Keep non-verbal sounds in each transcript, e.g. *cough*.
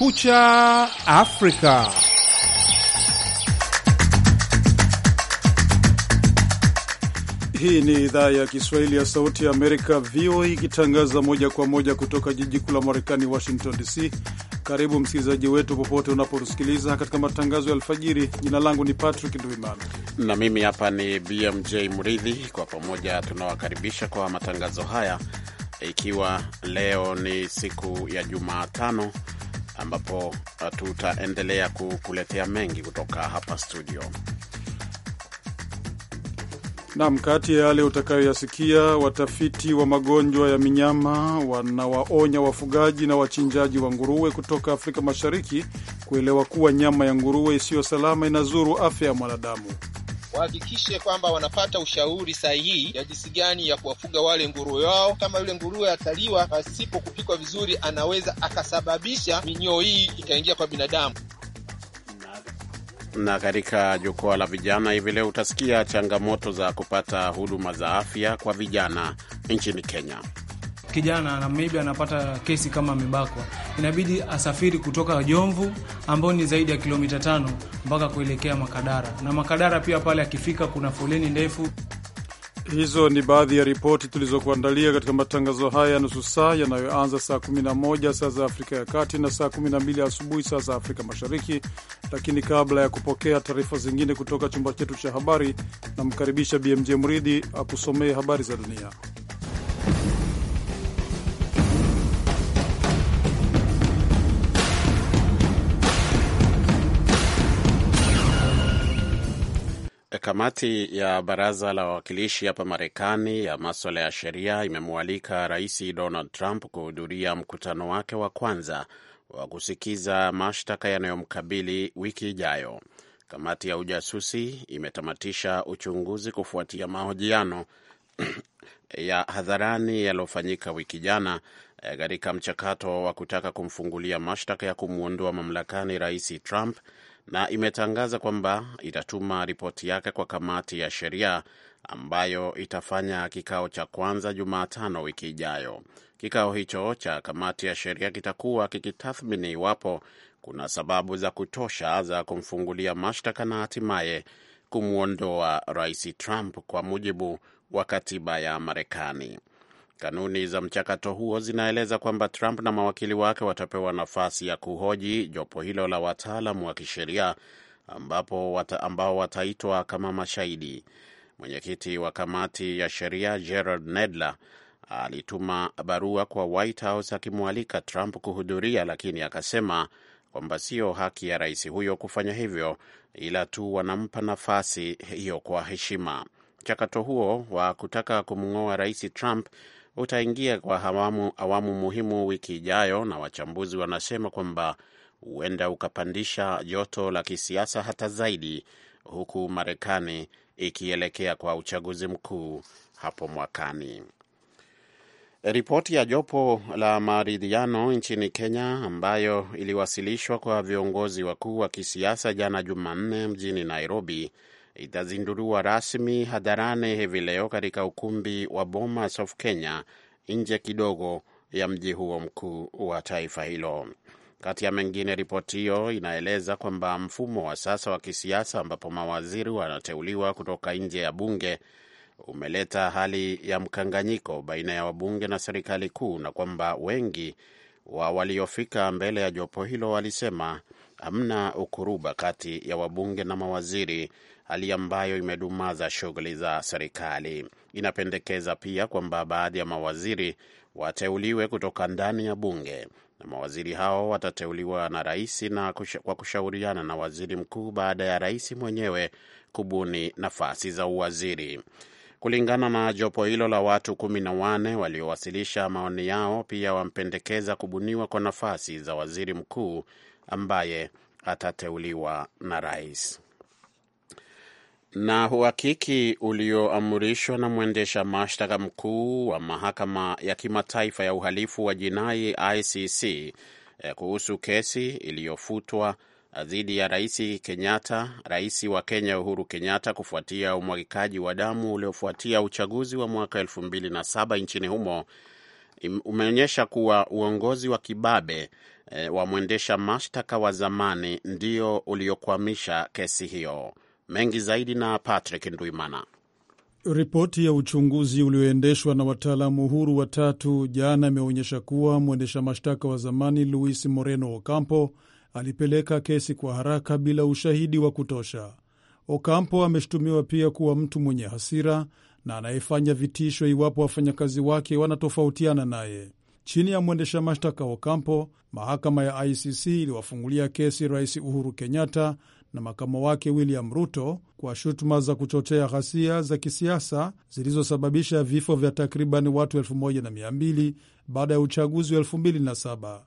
Kucha Afrika. Hii ni idhaa ya Kiswahili ya Sauti ya Amerika, VOA, ikitangaza moja kwa moja kutoka jiji kuu la Marekani, Washington DC. Karibu msikilizaji wetu popote unaposikiliza katika matangazo ya alfajiri. Jina langu ni Patrick Nduimana na mimi hapa ni BMJ Mridhi. Kwa pamoja tunawakaribisha kwa matangazo haya, ikiwa leo ni siku ya Jumatano ambapo uh, tutaendelea kukuletea mengi kutoka hapa studio. Nam, kati ya yale utakayoyasikia, watafiti wa magonjwa ya minyama wanawaonya wafugaji na wachinjaji wa nguruwe kutoka Afrika Mashariki kuelewa kuwa nyama ya nguruwe isiyo salama inazuru afya ya mwanadamu wahakikishe kwamba wanapata ushauri sahihi ya jinsi gani ya kuwafuga wale nguruwe wao. Kama yule nguruwe ataliwa pasipo kupikwa vizuri, anaweza akasababisha minyoo hii ikaingia kwa binadamu na katika jukwaa la vijana hivi leo utasikia changamoto za kupata huduma za afya kwa vijana nchini Kenya kijana na maybe anapata kesi kama amebakwa, inabidi asafiri kutoka Jomvu ambao ni zaidi ya kilomita tano mpaka kuelekea Makadara, na Makadara pia pale akifika kuna foleni ndefu. Hizo ni baadhi ya ripoti tulizokuandalia katika matangazo haya ya nusu saa yanayoanza saa 11 saa za Afrika ya Kati na saa 12 asubuhi saa za Afrika Mashariki. Lakini kabla ya kupokea taarifa zingine kutoka chumba chetu cha habari, namkaribisha BMJ Mridhi akusomee habari za dunia. Kamati ya baraza la wawakilishi hapa Marekani ya maswala ya sheria imemwalika Rais Donald Trump kuhudhuria mkutano wake wa kwanza wa kusikiza mashtaka yanayomkabili wiki ijayo. Kamati ya ujasusi imetamatisha uchunguzi kufuatia mahojiano *clears throat* ya hadharani yaliyofanyika wiki jana eh, katika mchakato wa kutaka kumfungulia mashtaka ya kumwondoa mamlakani Rais Trump na imetangaza kwamba itatuma ripoti yake kwa kamati ya sheria ambayo itafanya kikao cha kwanza Jumatano wiki ijayo. Kikao hicho cha kamati ya sheria kitakuwa kikitathmini iwapo kuna sababu za kutosha za kumfungulia mashtaka na hatimaye kumwondoa Rais Trump kwa mujibu wa katiba ya Marekani. Kanuni za mchakato huo zinaeleza kwamba Trump na mawakili wake watapewa nafasi ya kuhoji jopo hilo la wataalamu wa kisheria ambapo wata, ambao wataitwa kama mashahidi. Mwenyekiti wa kamati ya sheria Gerald Nedler alituma barua kwa White House akimwalika Trump kuhudhuria, lakini akasema kwamba sio haki ya rais huyo kufanya hivyo, ila tu wanampa nafasi hiyo kwa heshima. Mchakato huo wa kutaka kumng'oa rais Trump utaingia kwa awamu, awamu muhimu wiki ijayo, na wachambuzi wanasema kwamba huenda ukapandisha joto la kisiasa hata zaidi, huku Marekani ikielekea kwa uchaguzi mkuu hapo mwakani. Ripoti ya jopo la maridhiano nchini Kenya ambayo iliwasilishwa kwa viongozi wakuu wa kisiasa jana Jumanne mjini Nairobi itazinduliwa rasmi hadharani hivi leo katika ukumbi wa Bomas of Kenya, nje kidogo ya mji huo mkuu wa taifa hilo. Kati ya mengine, ripoti hiyo inaeleza kwamba mfumo wa sasa wa kisiasa ambapo mawaziri wanateuliwa kutoka nje ya bunge umeleta hali ya mkanganyiko baina ya wabunge na serikali kuu, na kwamba wengi wa waliofika mbele ya jopo hilo walisema hamna ukuruba kati ya wabunge na mawaziri, hali ambayo imedumaza shughuli za serikali. Inapendekeza pia kwamba baadhi ya mawaziri wateuliwe kutoka ndani ya bunge na mawaziri hao watateuliwa na rais na kusha, kwa kushauriana na waziri mkuu baada ya rais mwenyewe kubuni nafasi za uwaziri. Kulingana na jopo hilo la watu kumi na wane waliowasilisha maoni yao, pia wampendekeza kubuniwa kwa nafasi za waziri mkuu ambaye atateuliwa na rais. Na uhakiki ulioamrishwa na mwendesha mashtaka mkuu wa mahakama ya kimataifa ya uhalifu wa jinai ICC eh, kuhusu kesi iliyofutwa eh, dhidi ya rais Kenyatta, rais wa Kenya Uhuru Kenyatta, kufuatia umwagikaji wa damu uliofuatia uchaguzi wa mwaka elfu mbili na saba nchini humo umeonyesha kuwa uongozi wa kibabe e, wa mwendesha mashtaka wa zamani ndio uliokwamisha kesi hiyo. Mengi zaidi na Patrick Ndwimana. Ripoti ya uchunguzi ulioendeshwa na wataalamu huru watatu jana imeonyesha kuwa mwendesha mashtaka wa zamani Luis Moreno Ocampo alipeleka kesi kwa haraka bila ushahidi wa kutosha. Ocampo ameshutumiwa pia kuwa mtu mwenye hasira na anayefanya vitisho iwapo wafanyakazi wake wanatofautiana naye. Chini ya mwendesha mashtaka Ocampo, mahakama ya ICC iliwafungulia kesi Rais Uhuru Kenyatta na makamo wake William Ruto kwa shutuma za kuchochea ghasia za kisiasa zilizosababisha vifo vya takriban watu 1200 baada ya uchaguzi wa 2007.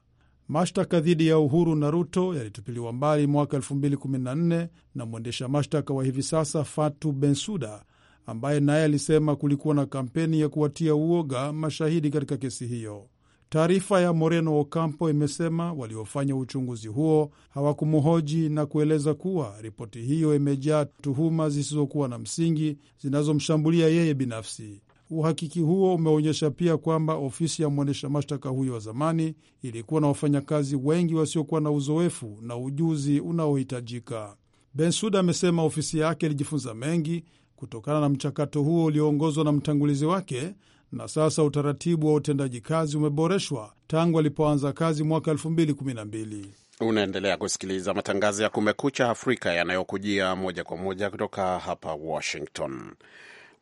Mashtaka dhidi ya Uhuru na Ruto yalitupiliwa mbali mwaka 2014 na mwendesha mashtaka wa hivi sasa Fatu Bensuda ambaye naye alisema kulikuwa na kampeni ya kuwatia uoga mashahidi katika kesi hiyo. Taarifa ya Moreno Ocampo imesema waliofanya uchunguzi huo hawakumhoji na kueleza kuwa ripoti hiyo imejaa tuhuma zisizokuwa na msingi zinazomshambulia yeye binafsi. Uhakiki huo umeonyesha pia kwamba ofisi ya mwendesha mashtaka huyo wa zamani ilikuwa na wafanyakazi wengi wasiokuwa na uzoefu na ujuzi unaohitajika. Bensuda amesema ofisi yake ilijifunza mengi kutokana na mchakato huo ulioongozwa na mtangulizi wake, na sasa utaratibu wa utendaji kazi umeboreshwa tangu alipoanza kazi mwaka 2012. Unaendelea kusikiliza matangazo ya Kumekucha Afrika yanayokujia moja kwa moja kutoka hapa Washington.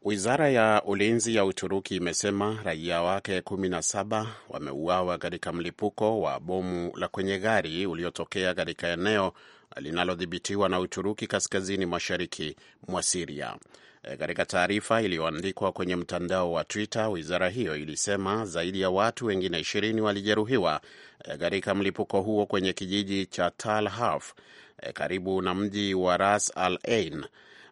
Wizara ya ulinzi ya Uturuki imesema raia wake 17 wameuawa katika mlipuko wa bomu la kwenye gari uliotokea katika eneo linalodhibitiwa na Uturuki kaskazini mashariki mwa Siria. Eh, katika taarifa iliyoandikwa kwenye mtandao wa Twitter, wizara hiyo ilisema zaidi ya watu wengine ishirini walijeruhiwa eh, katika mlipuko huo kwenye kijiji cha Tal Haf eh, karibu na mji wa Ras Al Ain.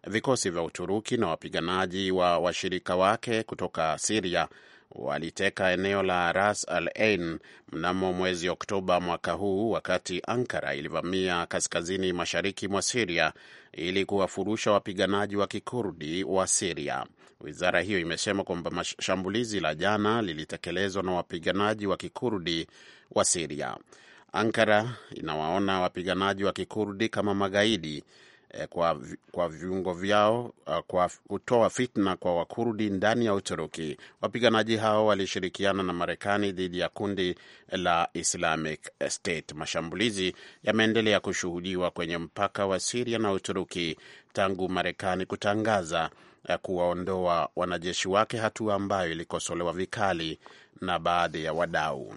Vikosi vya Uturuki na wapiganaji wa washirika wake kutoka Siria waliteka eneo la Ras Al Ain mnamo mwezi Oktoba mwaka huu, wakati Ankara ilivamia kaskazini mashariki mwa Siria ili kuwafurusha wapiganaji wa kikurdi wa Siria. Wizara hiyo imesema kwamba shambulizi la jana lilitekelezwa na wapiganaji wa kikurdi wa Siria. Ankara inawaona wapiganaji wa kikurdi kama magaidi Eh, kwa, kwa viungo vyao ah, kwa kutoa fitna kwa Wakurdi ndani ya Uturuki. Wapiganaji hao walishirikiana na Marekani dhidi ya kundi la Islamic State. Mashambulizi yameendelea kushuhudiwa kwenye mpaka wa Siria na Uturuki tangu Marekani kutangaza eh, kuwaondoa wanajeshi wake, hatua ambayo ilikosolewa vikali na baadhi ya wadau.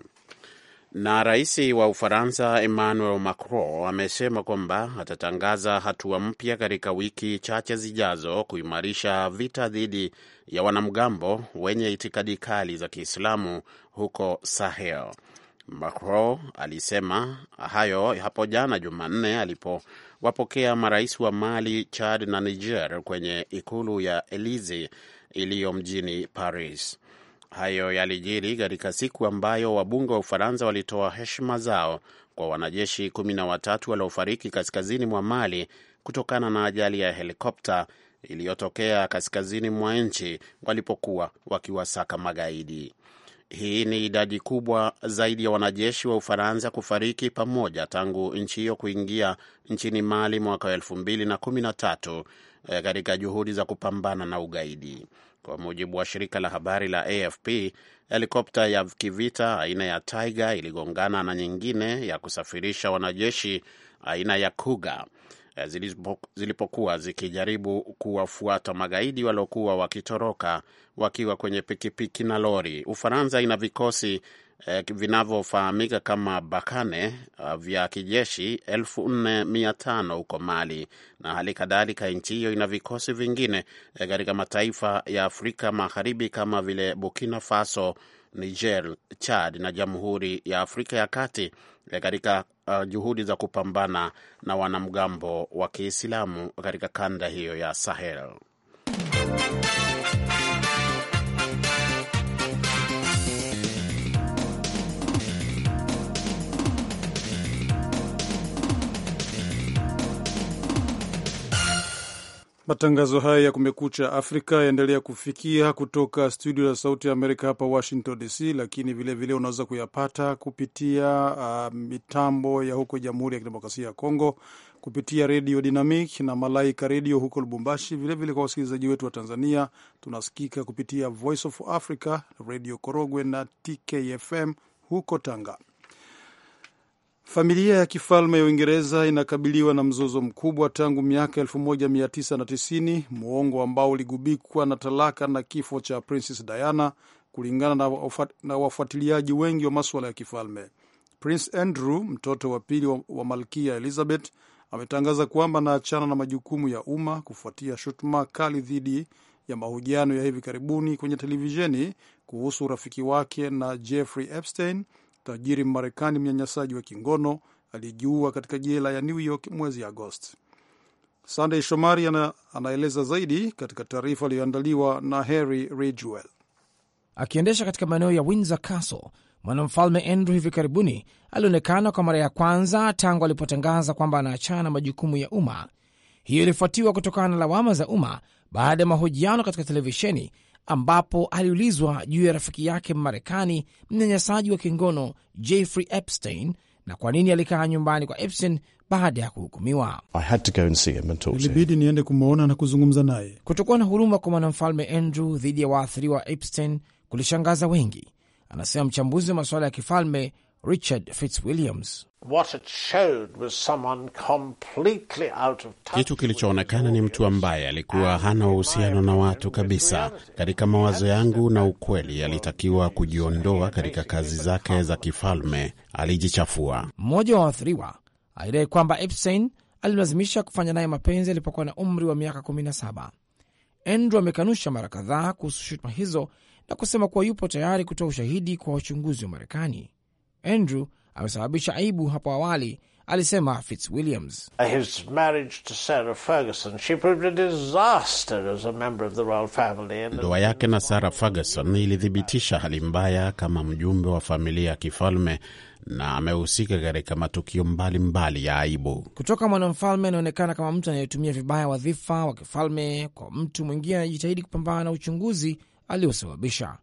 Na rais wa Ufaransa Emmanuel Macron amesema kwamba atatangaza hatua mpya katika wiki chache zijazo kuimarisha vita dhidi ya wanamgambo wenye itikadi kali za Kiislamu huko Sahel. Macron alisema hayo hapo jana Jumanne alipowapokea marais wa Mali, Chad na Niger kwenye ikulu ya Elysee iliyo mjini Paris. Hayo yalijiri katika siku ambayo wabunge wa Ufaransa walitoa heshima zao kwa wanajeshi kumi na watatu waliofariki kaskazini mwa Mali kutokana na ajali ya helikopta iliyotokea kaskazini mwa nchi walipokuwa wakiwasaka magaidi. Hii ni idadi kubwa zaidi ya wanajeshi wa Ufaransa kufariki pamoja tangu nchi hiyo kuingia nchini Mali mwaka wa elfu mbili na kumi na tatu eh, katika juhudi za kupambana na ugaidi. Kwa mujibu wa shirika la habari la AFP, helikopta ya kivita aina ya Tiger iligongana na nyingine ya kusafirisha wanajeshi aina ya Cougar eh, zilipokuwa zikijaribu kuwafuata magaidi waliokuwa wakitoroka wakiwa kwenye pikipiki na lori. Ufaransa ina vikosi eh, vinavyofahamika kama Bakane uh, eh, vya kijeshi 45 huko Mali, na hali kadhalika nchi hiyo ina vikosi vingine eh, katika eh, mataifa ya Afrika Magharibi kama vile Burkina Faso, Niger, Chad na Jamhuri ya Afrika ya Kati eh, katika uh, juhudi za kupambana na wanamgambo wa Kiislamu katika kanda hiyo ya Sahel. Matangazo haya ya Kumekucha Afrika yaendelea kufikia kutoka studio ya Sauti ya Amerika hapa Washington DC, lakini vilevile unaweza kuyapata kupitia uh, mitambo ya huko Jamhuri ya Kidemokrasia ya Kongo kupitia Redio Dynamic na Malaika Redio huko Lubumbashi. Vilevile kwa wasikilizaji wetu wa Tanzania tunasikika kupitia Voice of Africa, Redio Korogwe na TKFM huko Tanga. Familia ya kifalme ya Uingereza inakabiliwa na mzozo mkubwa tangu miaka 1990 muongo ambao uligubikwa na talaka na kifo cha Princess Diana, kulingana na wafuatiliaji wengi wa maswala ya kifalme. Prince Andrew, mtoto wa pili wa malkia Elizabeth, ametangaza kwamba anaachana na majukumu ya umma kufuatia shutuma kali dhidi ya mahojiano ya hivi karibuni kwenye televisheni kuhusu urafiki wake na Jeffrey Epstein, tajiri Mmarekani mnyanyasaji wa kingono aliyejiua katika jela ya New York mwezi Agosti. Sandey Shomari ana, anaeleza zaidi katika taarifa iliyoandaliwa na Harry Ridgwell. Akiendesha katika maeneo ya Windsor Castle, mwanamfalme Andrew hivi karibuni alionekana kwa mara ya kwanza tangu alipotangaza kwamba anaachana majukumu ya umma. Hiyo ilifuatiwa kutokana na lawama za umma baada ya mahojiano katika televisheni ambapo aliulizwa juu ya rafiki yake Mmarekani mnyanyasaji wa kingono Jeffrey Epstein na kwa nini alikaa nyumbani kwa Epstein baada ya kuhukumiwa. Ilibidi niende kumwona na kuzungumza naye. Kutokuwa na huruma kwa mwanamfalme Andrew dhidi ya waathiriwa Epstein kulishangaza wengi, anasema mchambuzi wa masuala ya kifalme Richard Fitzwilliams. Kitu kilichoonekana ni mtu ambaye alikuwa hana uhusiano na watu kabisa. Katika mawazo yangu na ukweli, alitakiwa kujiondoa katika kazi zake za kifalme. Alijichafua. Mmoja wa waathiriwa alidai kwamba Epstein alilazimisha kufanya naye mapenzi alipokuwa na umri wa miaka 17. Andrew amekanusha mara kadhaa kuhusu shutuma hizo na kusema kuwa yupo tayari kutoa ushahidi kwa wachunguzi wa Marekani. Andrew amesababisha aibu hapo awali, alisema Fitzwilliams. Ndoa yake na Sarah Ferguson ilithibitisha hali mbaya kama mjumbe wa familia ya kifalme na amehusika katika matukio mbalimbali mbali ya aibu. Kutoka mwanamfalme anaonekana kama mtu anayetumia vibaya wadhifa wa kifalme kwa mtu mwingine anajitahidi kupambana na uchunguzi aliosababisha.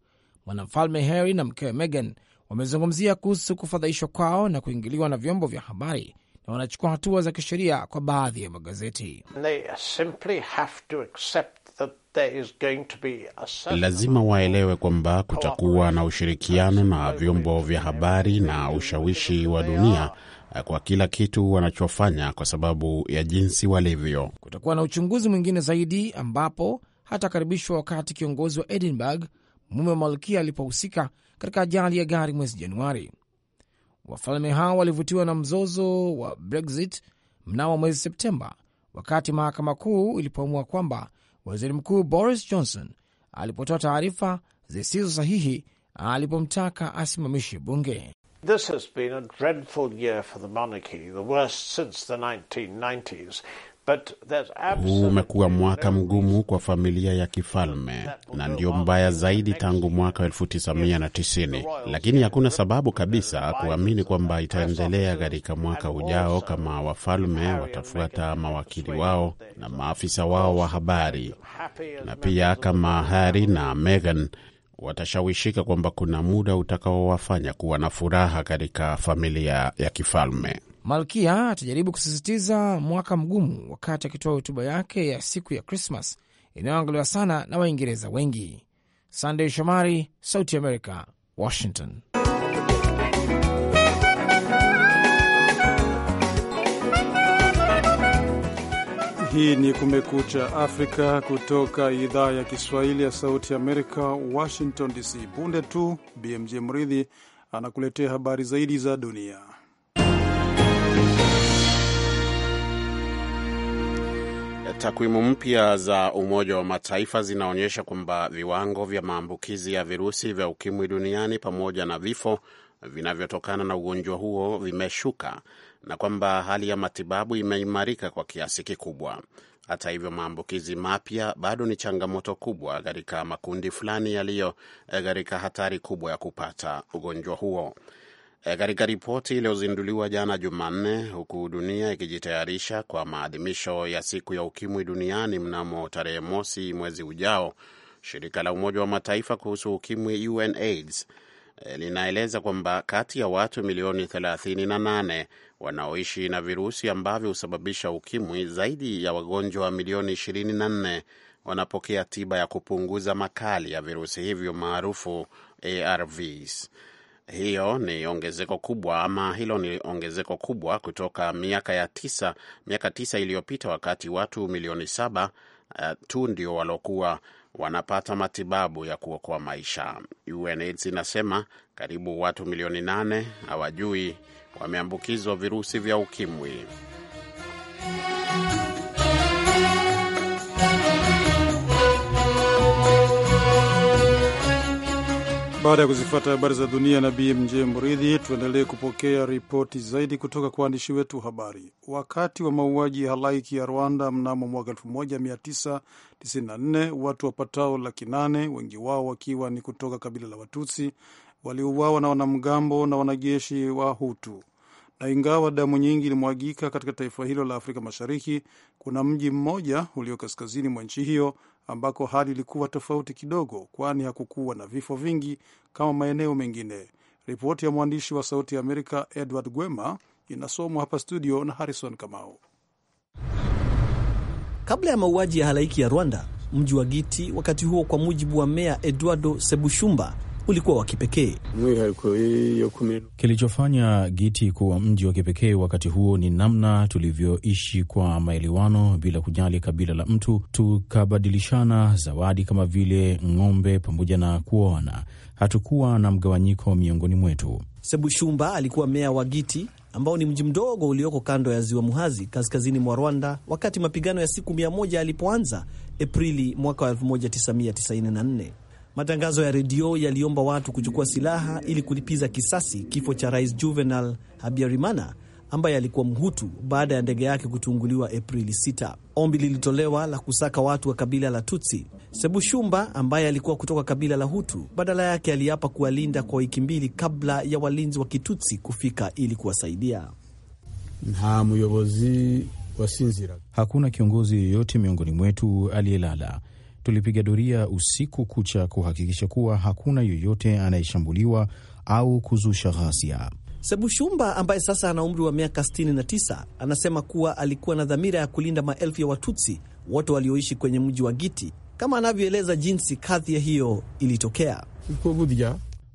Mwanamfalme Harry na mkewe Meghan wamezungumzia kuhusu kufadhaishwa kwao na kuingiliwa na vyombo vya habari na wanachukua hatua za kisheria kwa baadhi ya magazeti. Lazima waelewe kwamba kutakuwa na ushirikiano na vyombo vya habari na ushawishi wa dunia kwa kila kitu wanachofanya kwa sababu ya jinsi walivyo. Kutakuwa na uchunguzi mwingine zaidi ambapo hatakaribishwa wakati kiongozi wa Edinburgh, mume wa malkia, alipohusika katika ajali ya gari mwezi Januari. Wafalme hao walivutiwa na mzozo wa Brexit mnamo mwezi Septemba, wakati mahakama kuu ilipoamua kwamba waziri mkuu Boris Johnson alipotoa taarifa zisizo sahihi alipomtaka asimamishe bunge. This has been a dreadful year for the monarchy, the worst since the 1990s. Huu umekuwa mwaka mgumu kwa familia ya kifalme na ndio mbaya zaidi tangu mwaka 1990, lakini hakuna sababu kabisa kuamini kwamba itaendelea katika mwaka ujao kama wafalme watafuata mawakili wao na maafisa wao wa habari, na pia kama Harry na Meghan watashawishika kwamba kuna muda utakaowafanya kuwa na furaha katika familia ya kifalme. Malkia atajaribu kusisitiza mwaka mgumu wakati akitoa hotuba yake ya siku ya Krismas inayoangaliwa sana na Waingereza wengi. Sandey Shomari, Sauti America, Washington. Hii ni Kumekucha Afrika kutoka idhaa ya Kiswahili ya Sauti Amerika, Washington DC. Punde tu BMJ Mridhi anakuletea habari zaidi za dunia. Takwimu mpya za Umoja wa Mataifa zinaonyesha kwamba viwango vya maambukizi ya virusi vya ukimwi duniani pamoja na vifo vinavyotokana na ugonjwa huo vimeshuka na kwamba hali ya matibabu imeimarika kwa kiasi kikubwa. Hata hivyo, maambukizi mapya bado ni changamoto kubwa katika makundi fulani yaliyo eh, katika hatari kubwa ya kupata ugonjwa huo. Eh, katika ripoti iliyozinduliwa jana Jumanne, huku dunia ikijitayarisha kwa maadhimisho ya siku ya ukimwi duniani mnamo tarehe mosi mwezi ujao, shirika la Umoja wa Mataifa kuhusu ukimwi UNAIDS eh, linaeleza kwamba kati ya watu milioni 38 wanaoishi na virusi ambavyo husababisha ukimwi, zaidi ya wagonjwa milioni 24 wanapokea tiba ya kupunguza makali ya virusi hivyo maarufu ARVs. Hiyo ni ongezeko kubwa ama hilo ni ongezeko kubwa kutoka miaka ya tisa, miaka tisa iliyopita wakati watu milioni saba uh, tu ndio waliokuwa wanapata matibabu ya kuokoa maisha. UNAIDS inasema karibu watu milioni nane hawajui wameambukizwa virusi vya ukimwi. Baada ya kuzifata habari za dunia na BMJ Mridhi, tuendelee kupokea ripoti zaidi kutoka kwa waandishi wetu wa habari. Wakati wa mauaji ya halaiki ya Rwanda mnamo mwaka 1994 watu wapatao laki nane, wengi wao wakiwa ni kutoka kabila la Watusi, waliuawa na wanamgambo na wanajeshi wa Hutu na ingawa damu nyingi ilimwagika katika taifa hilo la Afrika Mashariki, kuna mji mmoja ulio kaskazini mwa nchi hiyo ambako hali ilikuwa tofauti kidogo, kwani hakukuwa na vifo vingi kama maeneo mengine. Ripoti ya mwandishi wa Sauti ya Amerika Edward Gwema inasomwa hapa studio na Harrison Kamau. Kabla ya mauaji ya halaiki ya Rwanda, mji wa Giti wakati huo, kwa mujibu wa meya Eduardo Sebushumba ulikuwa wa kipekee. Kilichofanya Giti kuwa mji wa kipekee wakati huo ni namna tulivyoishi kwa maelewano, bila kujali kabila la mtu. Tukabadilishana zawadi kama vile ng'ombe pamoja na kuoana. Hatukuwa na mgawanyiko miongoni mwetu. Sebushumba alikuwa meya wa Giti ambao ni mji mdogo ulioko kando ya ziwa Muhazi kaskazini mwa Rwanda wakati mapigano ya siku mia moja yalipoanza Aprili mwaka 1994. Matangazo ya redio yaliomba watu kuchukua silaha ili kulipiza kisasi kifo cha Rais Juvenal Habyarimana ambaye alikuwa Mhutu baada ya ndege yake kutunguliwa Aprili 6. Ombi lilitolewa la kusaka watu wa kabila la Tutsi. Sebushumba ambaye alikuwa kutoka kabila la Hutu, badala yake aliapa kuwalinda kwa wiki mbili kabla ya walinzi wa Kitutsi kufika ili kuwasaidia. Nta muyobozi wasinzira. Hakuna kiongozi yoyote miongoni mwetu aliyelala tulipiga doria usiku kucha kuhakikisha kuwa hakuna yoyote anayeshambuliwa au kuzusha ghasia. Sebushumba ambaye sasa ana umri wa miaka 69 anasema kuwa alikuwa na dhamira ya kulinda maelfu ya Watutsi wote walioishi kwenye mji wa Giti, kama anavyoeleza jinsi kadhia hiyo ilitokea.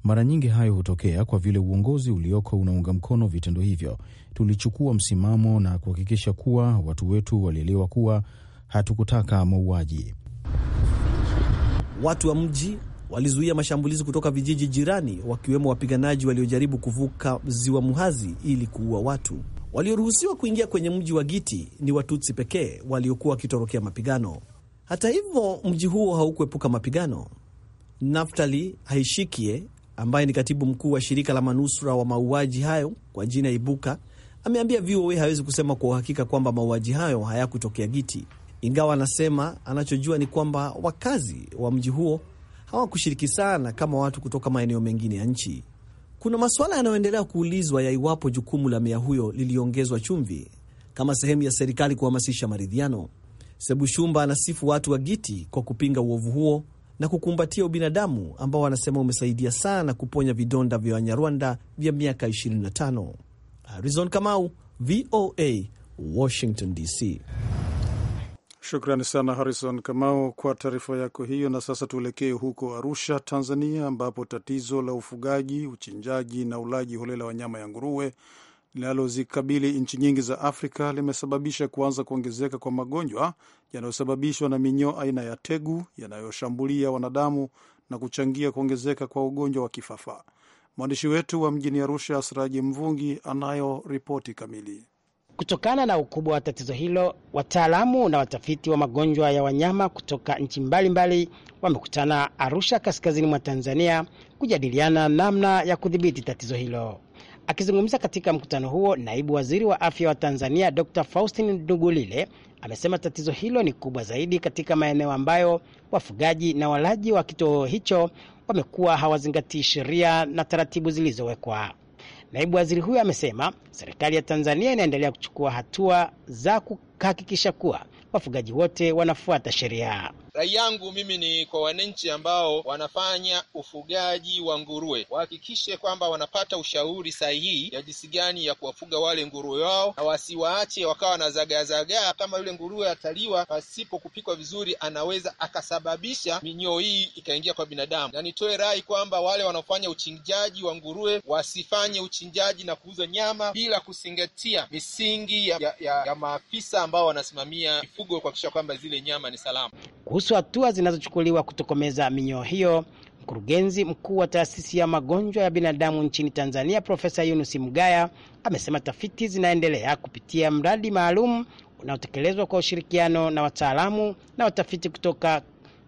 Mara nyingi hayo hutokea kwa vile uongozi ulioko unaunga mkono vitendo hivyo. Tulichukua msimamo na kuhakikisha kuwa watu wetu walielewa kuwa hatukutaka mauaji. Watu wa mji walizuia mashambulizi kutoka vijiji jirani, wakiwemo wapiganaji waliojaribu kuvuka ziwa Muhazi ili kuua watu. Walioruhusiwa kuingia kwenye mji wa Giti ni Watutsi pekee waliokuwa wakitorokea mapigano. Hata hivyo, mji huo haukuepuka mapigano. Naftali Haishikie ambaye ni katibu mkuu wa shirika la manusura wa mauaji hayo kwa jina Ibuka ameambia VOA hawezi kusema kwa uhakika kwamba mauaji hayo hayakutokea Giti ingawa anasema anachojua ni kwamba wakazi wa mji huo hawakushiriki sana kama watu kutoka maeneo mengine ya nchi. Kuna masuala yanayoendelea kuulizwa ya iwapo jukumu la meya huyo liliongezwa chumvi kama sehemu ya serikali kuhamasisha maridhiano. Sebushumba anasifu watu wa Giti kwa kupinga uovu huo na kukumbatia ubinadamu ambao wanasema umesaidia sana kuponya vidonda vya Wanyarwanda vya miaka 25. Arizona Kamau, VOA, Washington DC. Shukrani sana Harrison Kamau kwa taarifa yako hiyo. Na sasa tuelekee huko Arusha, Tanzania, ambapo tatizo la ufugaji, uchinjaji na ulaji holela wa nyama ya nguruwe linalozikabili nchi nyingi za Afrika limesababisha kuanza kuongezeka kwa magonjwa yanayosababishwa na minyoo aina ya tegu yanayoshambulia wanadamu na kuchangia kuongezeka kwa ugonjwa wa kifafa. Mwandishi wetu wa mjini Arusha, Asraji Mvungi, anayo ripoti kamili. Kutokana na ukubwa wa tatizo hilo, wataalamu na watafiti wa magonjwa ya wanyama kutoka nchi mbalimbali wamekutana Arusha, kaskazini mwa Tanzania, kujadiliana namna ya kudhibiti tatizo hilo. Akizungumza katika mkutano huo, naibu waziri wa afya wa Tanzania Dr Faustin Ndugulile amesema tatizo hilo ni kubwa zaidi katika maeneo ambayo wafugaji na walaji wa kituo hicho wamekuwa hawazingatii sheria na taratibu zilizowekwa. Naibu waziri huyo amesema serikali ya Tanzania inaendelea kuchukua hatua za kuhakikisha kuwa wafugaji wote wanafuata sheria. Rai yangu mimi ni kwa wananchi ambao wanafanya ufugaji wa nguruwe, wahakikishe kwamba wanapata ushauri sahihi ya jinsi gani ya kuwafuga wale nguruwe wao, na wasiwaache wakawa na zagaazagaa. Kama yule nguruwe ataliwa pasipo kupikwa vizuri, anaweza akasababisha minyoo hii ikaingia kwa binadamu. Na nitoe rai kwamba wale wanaofanya uchinjaji wa nguruwe wasifanye uchinjaji na kuuza nyama bila kuzingatia misingi ya, ya, ya, ya maafisa ambao wanasimamia mifugo kuhakikisha kwamba zile nyama ni salama kuhusu hatua zinazochukuliwa kutokomeza minyoo hiyo, mkurugenzi mkuu wa taasisi ya magonjwa ya binadamu nchini Tanzania Profesa Yunus Mgaya amesema tafiti zinaendelea kupitia mradi maalum unaotekelezwa kwa ushirikiano na wataalamu na watafiti kutoka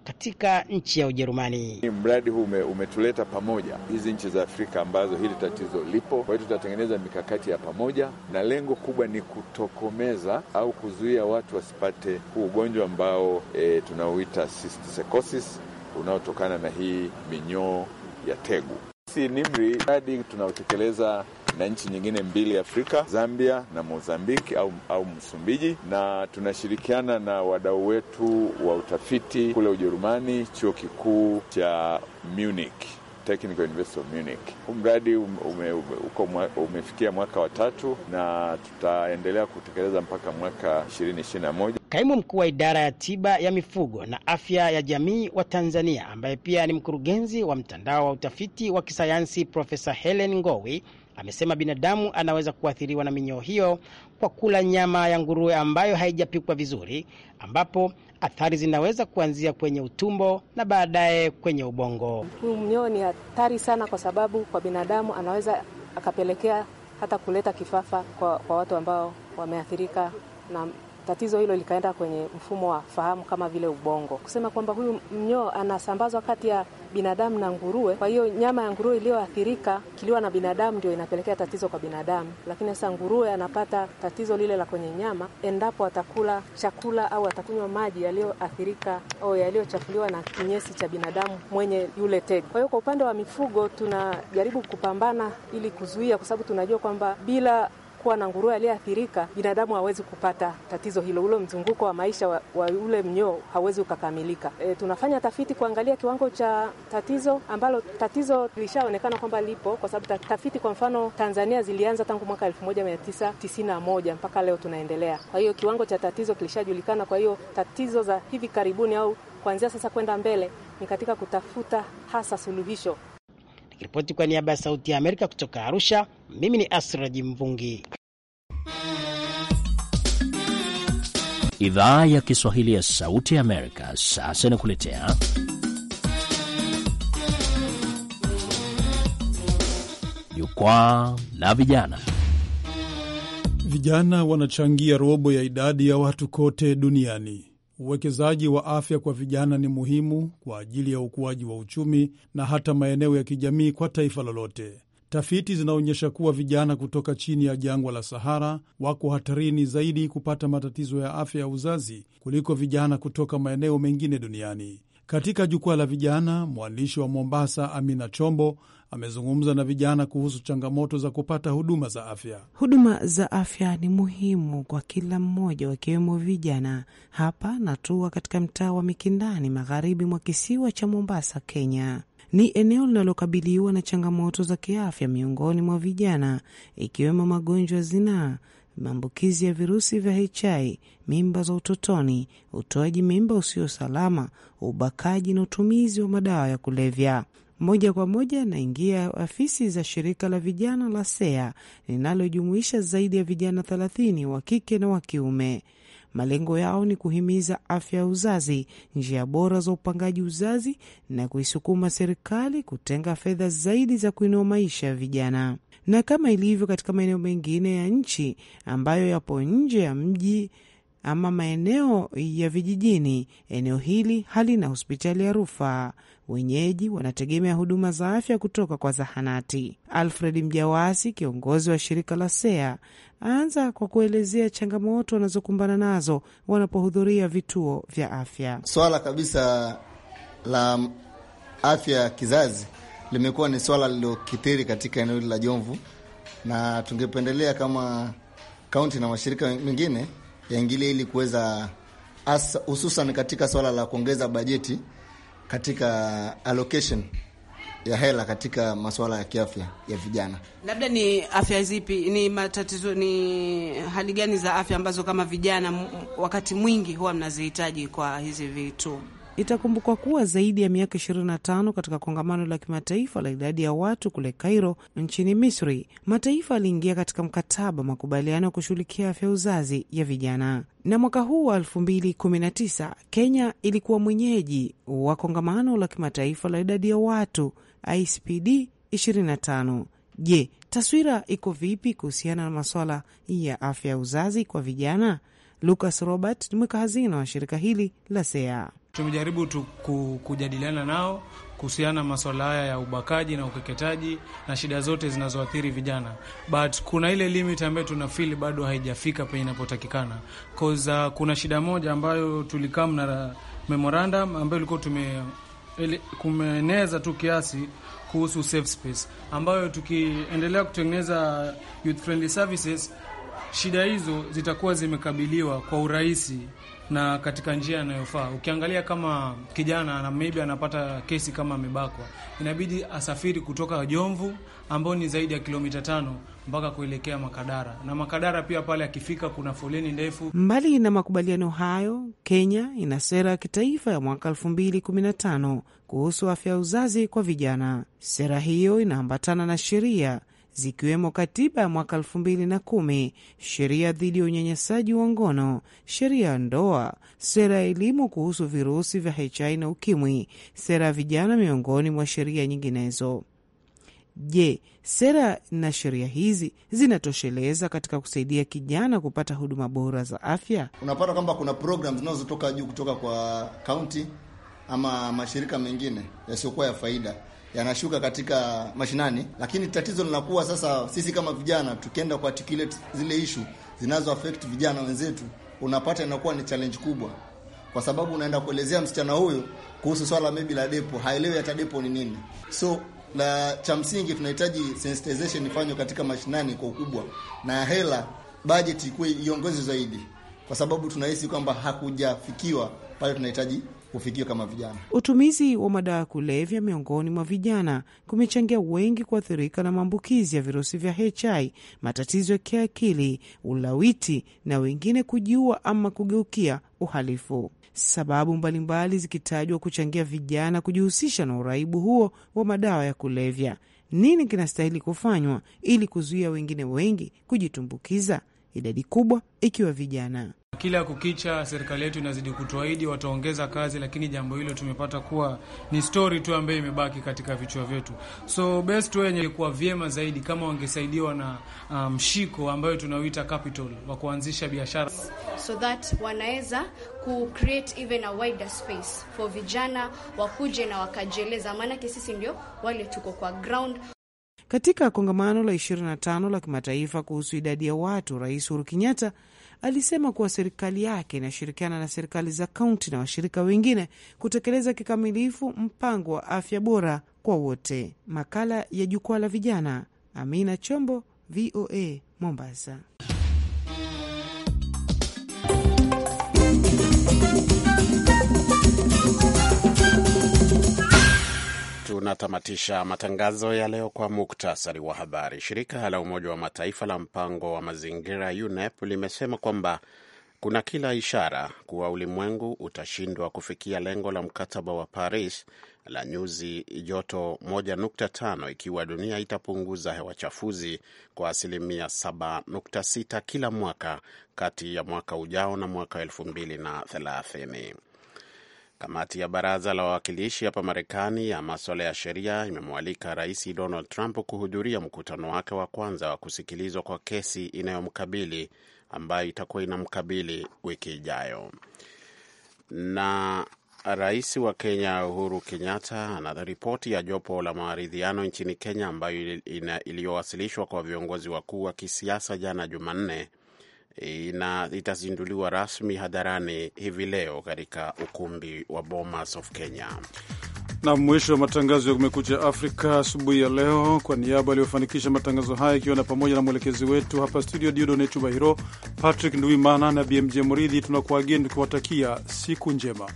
katika nchi ya Ujerumani. Mradi huu ume, umetuleta pamoja hizi nchi za Afrika ambazo hili tatizo lipo. Kwa hiyo tutatengeneza mikakati ya pamoja, na lengo kubwa ni kutokomeza au kuzuia watu wasipate huu ugonjwa ambao e, tunauita cysticercosis unaotokana na hii minyoo ya tegu. Si NIMRI mradi tunaotekeleza na nchi nyingine mbili Afrika, Zambia na Mozambiki au, au Msumbiji, na tunashirikiana na wadau wetu wa utafiti kule Ujerumani, chuo kikuu cha Munich Technical University of Munich. Huu mradi ume, ume, umefikia mwaka wa tatu na tutaendelea kutekeleza mpaka mwaka 2021. Kaimu mkuu wa idara ya tiba ya mifugo na afya ya jamii wa Tanzania ambaye pia ni mkurugenzi wa mtandao wa utafiti wa kisayansi Profesa Helen Ngowi amesema binadamu anaweza kuathiriwa na minyoo hiyo kwa kula nyama ya nguruwe ambayo haijapikwa vizuri, ambapo athari zinaweza kuanzia kwenye utumbo na baadaye kwenye ubongo. Huyu mnyoo ni hatari sana, kwa sababu kwa binadamu anaweza akapelekea hata kuleta kifafa kwa, kwa watu ambao wameathirika na Tatizo hilo likaenda kwenye mfumo wa fahamu kama vile ubongo, kusema kwamba huyu mnyoo anasambazwa kati ya binadamu na nguruwe. Kwa hiyo nyama ya nguruwe iliyoathirika kiliwa na binadamu ndio inapelekea tatizo kwa binadamu, lakini sasa nguruwe anapata tatizo lile la kwenye nyama endapo atakula chakula au atakunywa maji yaliyoathirika au yaliyochafuliwa na kinyesi cha binadamu mwenye yule tega. Kwa hiyo kwa upande wa mifugo tunajaribu kupambana ili kuzuia, kwa sababu tunajua kwamba bila kuwa na nguruwe aliyeathirika, binadamu hawezi kupata tatizo hilo. Ule mzunguko wa maisha wa, wa ule mnyoo hawezi ukakamilika. E, tunafanya tafiti kuangalia kiwango cha tatizo ambalo tatizo lishaonekana kwamba lipo, kwa sababu tafiti kwa mfano Tanzania zilianza tangu mwaka 1991 mpaka leo tunaendelea. Kwa hiyo kiwango cha tatizo kilishajulikana. Kwa hiyo tatizo za hivi karibuni au kuanzia sasa kwenda mbele ni katika kutafuta hasa suluhisho Nikiripoti kwa niaba ya Sauti ya Amerika kutoka Arusha, mimi ni Asraji Mvungi. Idhaa ya Kiswahili ya Sauti ya Amerika sasa inakuletea Jukwaa la Vijana. Vijana wanachangia robo ya idadi ya watu kote duniani. Uwekezaji wa afya kwa vijana ni muhimu kwa ajili ya ukuaji wa uchumi na hata maeneo ya kijamii kwa taifa lolote. Tafiti zinaonyesha kuwa vijana kutoka chini ya jangwa la Sahara wako hatarini zaidi kupata matatizo ya afya ya uzazi kuliko vijana kutoka maeneo mengine duniani. Katika jukwaa la vijana, mwandishi wa Mombasa Amina Chombo amezungumza na vijana kuhusu changamoto za kupata huduma za afya. Huduma za afya ni muhimu kwa kila mmoja, wakiwemo vijana. Hapa natua katika mtaa wa Mikindani, magharibi mwa kisiwa cha Mombasa, Kenya. Ni eneo linalokabiliwa na changamoto za kiafya miongoni mwa vijana, ikiwemo magonjwa zinaa, maambukizi ya virusi vya HIV, mimba za utotoni, utoaji mimba usio salama, ubakaji na utumizi wa madawa ya kulevya. Moja kwa moja naingia afisi za shirika la vijana la SEA linalojumuisha zaidi ya vijana thelathini wa kike na wa kiume. Malengo yao ni kuhimiza afya ya uzazi, njia bora za upangaji uzazi na kuisukuma serikali kutenga fedha zaidi za kuinua maisha ya vijana. Na kama ilivyo katika maeneo mengine ya nchi ambayo yapo nje ya mji ama maeneo ya vijijini, eneo hili halina hospitali ya rufaa wenyeji wanategemea huduma za afya kutoka kwa zahanati. Alfred Mjawasi, kiongozi wa shirika la SEA, anza kwa kuelezea changamoto wanazokumbana nazo wanapohudhuria vituo vya afya. Swala kabisa la afya ya kizazi limekuwa ni swala lililokithiri katika eneo hili la Jomvu, na tungependelea kama kaunti na mashirika mengine yaingilie ili kuweza hususan katika swala la kuongeza bajeti katika allocation ya hela katika masuala ya kiafya ya vijana. Labda ni afya zipi? Ni matatizo, ni hali gani za afya ambazo kama vijana wakati mwingi huwa mnazihitaji kwa hizi vitu? Itakumbukwa kuwa zaidi ya miaka 25 katika kongamano la kimataifa la idadi ya watu kule Cairo nchini Misri, mataifa yaliingia katika mkataba makubaliano ya kushughulikia afya uzazi ya vijana. Na mwaka huu wa 2019 Kenya ilikuwa mwenyeji wa kongamano la kimataifa la idadi ya watu ICPD 25. Je, taswira iko vipi kuhusiana na masuala ya afya ya uzazi kwa vijana? Lucas Robert ni mweka hazina wa shirika hili la SEA. Tumejaribu tu kujadiliana nao kuhusiana na maswala haya ya ubakaji na ukeketaji na shida zote zinazoathiri vijana, but kuna ile limit ambayo tunafili bado haijafika penye inapotakikana cause uh, kuna shida moja ambayo tulikam na memorandum ambayo ilikuwa tume kumeeneza tu kiasi kuhusu safe space ambayo tukiendelea kutengeneza youth friendly services shida hizo zitakuwa zimekabiliwa kwa urahisi na katika njia inayofaa. Ukiangalia kama kijana na maybe anapata kesi kama amebakwa, inabidi asafiri kutoka Jomvu ambao ni zaidi ya kilomita tano mpaka kuelekea Makadara, na Makadara pia pale akifika kuna foleni ndefu. Mbali na makubaliano hayo, Kenya ina sera ya kitaifa ya mwaka tano kuhusu afya ya uzazi kwa vijana. Sera hiyo inaambatana na sheria zikiwemo katiba ya mwaka elfu mbili na kumi, sheria dhidi ya unyanyasaji wa ngono, sheria ya ndoa, sera ya elimu kuhusu virusi vya HIV na UKIMWI, sera ya vijana, miongoni mwa sheria nyinginezo. Je, sera na sheria hizi zinatosheleza katika kusaidia kijana kupata huduma bora za afya? Unapata kwamba kuna programu zinazotoka juu kutoka kwa kaunti ama mashirika mengine yasiyokuwa ya faida yanashuka katika mashinani, lakini tatizo linakuwa sasa, sisi kama vijana tukienda kuarticulate zile ishu zinazo affect vijana wenzetu, unapata inakuwa ni challenge kubwa, kwa sababu unaenda kuelezea msichana huyo kuhusu swala maybe la depo, haelewi hata depo ni nini. So la cha msingi tunahitaji sensitization ifanywe katika mashinani kwa ukubwa, na hela budget ikuwe iongezwe zaidi, kwa sababu tunahisi kwamba hakujafikiwa pale tunahitaji kufikiwa kama vijana. Utumizi wa madawa ya kulevya miongoni mwa vijana kumechangia wengi kuathirika na maambukizi ya virusi vya HIV, matatizo ya kiakili, ulawiti na wengine kujiua ama kugeukia uhalifu, sababu mbalimbali zikitajwa kuchangia vijana kujihusisha na uraibu huo wa madawa ya kulevya. Nini kinastahili kufanywa ili kuzuia wengine wengi kujitumbukiza, idadi kubwa ikiwa vijana? Kila kukicha serikali yetu inazidi kutuahidi wataongeza kazi, lakini jambo hilo tumepata kuwa ni stori tu ambayo imebaki katika vichwa vyetu. So best wenye kuwa vyema zaidi kama wangesaidiwa na uh, mshiko um, ambayo tunauita capital wa kuanzisha biashara, so that wanaweza ku create even a wider space for vijana wakuje na wakajieleza, maanake sisi ndio wale tuko kwa ground. Katika kongamano la 25 la kimataifa kuhusu idadi ya watu, Rais Uhuru Kenyatta alisema kuwa serikali yake inashirikiana na serikali za kaunti na washirika wengine kutekeleza kikamilifu mpango wa afya bora kwa wote. Makala ya jukwaa la vijana. Amina Chombo, VOA Mombasa. Tunatamatisha matangazo ya leo kwa muktasari wa habari. Shirika la Umoja wa Mataifa la mpango wa mazingira UNEP limesema kwamba kuna kila ishara kuwa ulimwengu utashindwa kufikia lengo la mkataba wa Paris la nyuzi joto 1.5 ikiwa dunia itapunguza hewa chafuzi kwa asilimia 7.6 kila mwaka kati ya mwaka ujao na mwaka 2030. Kamati ya baraza la wawakilishi hapa Marekani ya maswala ya sheria imemwalika Rais Donald Trump kuhudhuria mkutano wake wa kwanza wa kusikilizwa kwa kesi inayomkabili ambayo itakuwa inamkabili wiki ijayo. Na rais wa Kenya Uhuru Kenyatta ana ripoti ya jopo la maridhiano nchini Kenya ambayo iliyowasilishwa kwa viongozi wakuu wa kisiasa jana Jumanne ina itazinduliwa rasmi hadharani hivi leo katika ukumbi wa Bomas of Kenya. Na mwisho wa matangazo ya Kumekucha Afrika asubuhi ya leo. Kwa niaba aliyofanikisha matangazo haya, ikiwa na pamoja na mwelekezi wetu hapa studio Diodone Chubahiro, Patrick Nduimana na BMJ Muridhi, tunakuageni tukiwatakia siku njema.